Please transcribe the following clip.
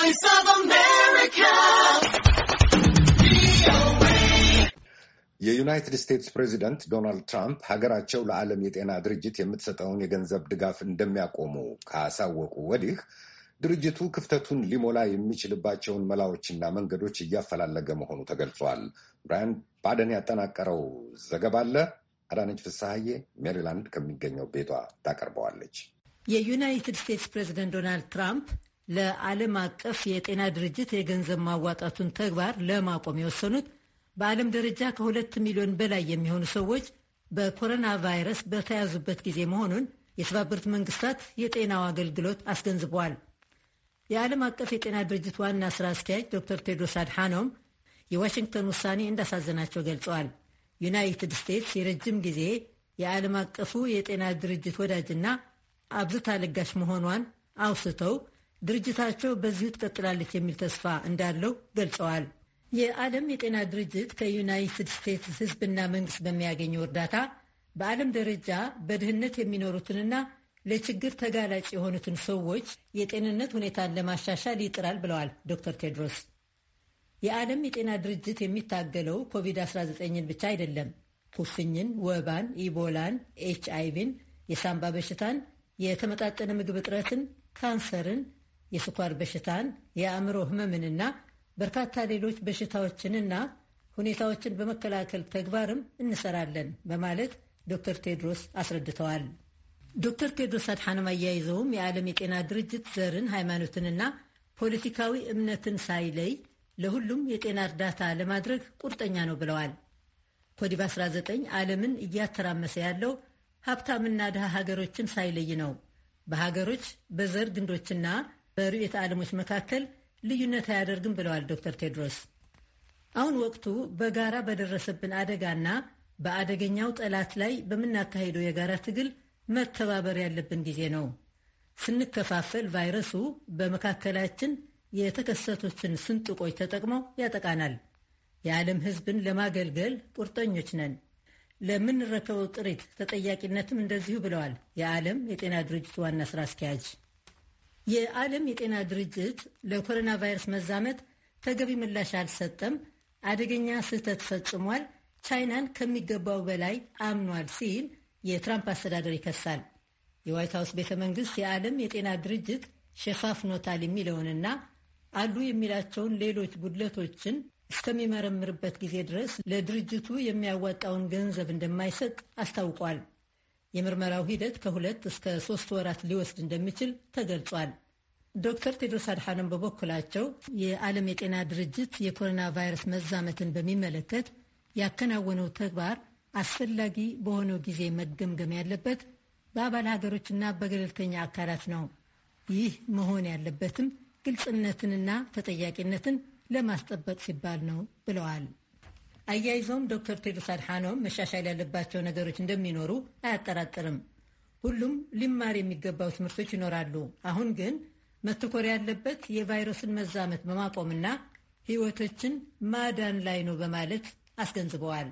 Voice of America. የዩናይትድ ስቴትስ ፕሬዚደንት ዶናልድ ትራምፕ ሀገራቸው ለዓለም የጤና ድርጅት የምትሰጠውን የገንዘብ ድጋፍ እንደሚያቆሙ ካሳወቁ ወዲህ ድርጅቱ ክፍተቱን ሊሞላ የሚችልባቸውን መላዎችና መንገዶች እያፈላለገ መሆኑ ተገልጿል። ብራያን ባደን ያጠናቀረው ዘገባ አለ። አዳነች ፍስሐዬ ሜሪላንድ ከሚገኘው ቤቷ ታቀርበዋለች። የዩናይትድ ስቴትስ ፕሬዚደንት ዶናልድ ትራምፕ ለዓለም አቀፍ የጤና ድርጅት የገንዘብ ማዋጣቱን ተግባር ለማቆም የወሰኑት በዓለም ደረጃ ከሁለት ሚሊዮን በላይ የሚሆኑ ሰዎች በኮሮና ቫይረስ በተያዙበት ጊዜ መሆኑን የተባበሩት መንግስታት የጤናው አገልግሎት አስገንዝበዋል። የዓለም አቀፍ የጤና ድርጅት ዋና ስራ አስኪያጅ ዶክተር ቴድሮስ አድሓኖም የዋሽንግተን ውሳኔ እንዳሳዘናቸው ገልጸዋል። ዩናይትድ ስቴትስ የረጅም ጊዜ የዓለም አቀፉ የጤና ድርጅት ወዳጅና አብዝታ ለጋሽ መሆኗን አውስተው ድርጅታቸው በዚሁ ትቀጥላለች የሚል ተስፋ እንዳለው ገልጸዋል። የዓለም የጤና ድርጅት ከዩናይትድ ስቴትስ ሕዝብና መንግስት በሚያገኘው እርዳታ በዓለም ደረጃ በድህነት የሚኖሩትንና ለችግር ተጋላጭ የሆኑትን ሰዎች የጤንነት ሁኔታን ለማሻሻል ይጥራል ብለዋል ዶክተር ቴድሮስ። የዓለም የጤና ድርጅት የሚታገለው ኮቪድ-19ን ብቻ አይደለም። ኩፍኝን፣ ወባን፣ ኢቦላን፣ ኤች አይቪን፣ የሳምባ በሽታን፣ የተመጣጠነ ምግብ እጥረትን፣ ካንሰርን፣ የስኳር በሽታን፣ የአእምሮ ህመምንና በርካታ ሌሎች በሽታዎችንና ሁኔታዎችን በመከላከል ተግባርም እንሰራለን በማለት ዶክተር ቴድሮስ አስረድተዋል። ዶክተር ቴድሮስ አድሓኖም አያይዘውም የዓለም የጤና ድርጅት ዘርን፣ ሃይማኖትንና ፖለቲካዊ እምነትን ሳይለይ ለሁሉም የጤና እርዳታ ለማድረግ ቁርጠኛ ነው ብለዋል። ኮዲቭ 19 ዓለምን እያተራመሰ ያለው ሀብታምና ድሃ ሀገሮችን ሳይለይ ነው። በሀገሮች በዘር ግንዶችና በርዕዮተ ዓለሞች መካከል ልዩነት አያደርግም ብለዋል ዶክተር ቴድሮስ። አሁን ወቅቱ በጋራ በደረሰብን አደጋና በአደገኛው ጠላት ላይ በምናካሄደው የጋራ ትግል መተባበር ያለብን ጊዜ ነው። ስንከፋፈል ቫይረሱ በመካከላችን የተከሰቱትን ስንጥቆች ተጠቅሞ ያጠቃናል። የዓለም ሕዝብን ለማገልገል ቁርጠኞች ነን። ለምንረከበው ጥሪት ተጠያቂነትም እንደዚሁ ብለዋል የዓለም የጤና ድርጅት ዋና ስራ አስኪያጅ። የዓለም የጤና ድርጅት ለኮሮና ቫይረስ መዛመት ተገቢ ምላሽ አልሰጠም፣ አደገኛ ስህተት ፈጽሟል፣ ቻይናን ከሚገባው በላይ አምኗል ሲል የትራምፕ አስተዳደር ይከሳል። የዋይት ሀውስ ቤተ መንግስት የዓለም የጤና ድርጅት ሸፋፍ ኖታል የሚለውንና አሉ የሚላቸውን ሌሎች ጉድለቶችን እስከሚመረምርበት ጊዜ ድረስ ለድርጅቱ የሚያዋጣውን ገንዘብ እንደማይሰጥ አስታውቋል። የምርመራው ሂደት ከሁለት እስከ ሶስት ወራት ሊወስድ እንደሚችል ተገልጿል። ዶክተር ቴድሮስ አድሓኖም በበኩላቸው የዓለም የጤና ድርጅት የኮሮና ቫይረስ መዛመትን በሚመለከት ያከናወነው ተግባር አስፈላጊ በሆነው ጊዜ መገምገም ያለበት በአባል ሀገሮችና በገለልተኛ አካላት ነው። ይህ መሆን ያለበትም ግልጽነትንና ተጠያቂነትን ለማስጠበቅ ሲባል ነው ብለዋል። አያይዘውም ዶክተር ቴድሮስ አድሓኖም መሻሻል ያለባቸው ነገሮች እንደሚኖሩ አያጠራጥርም። ሁሉም ሊማር የሚገባው ትምህርቶች ይኖራሉ። አሁን ግን መተኮር ያለበት የቫይረሱን መዛመት በማቆምና ሕይወቶችን ማዳን ላይ ነው በማለት አስገንዝበዋል።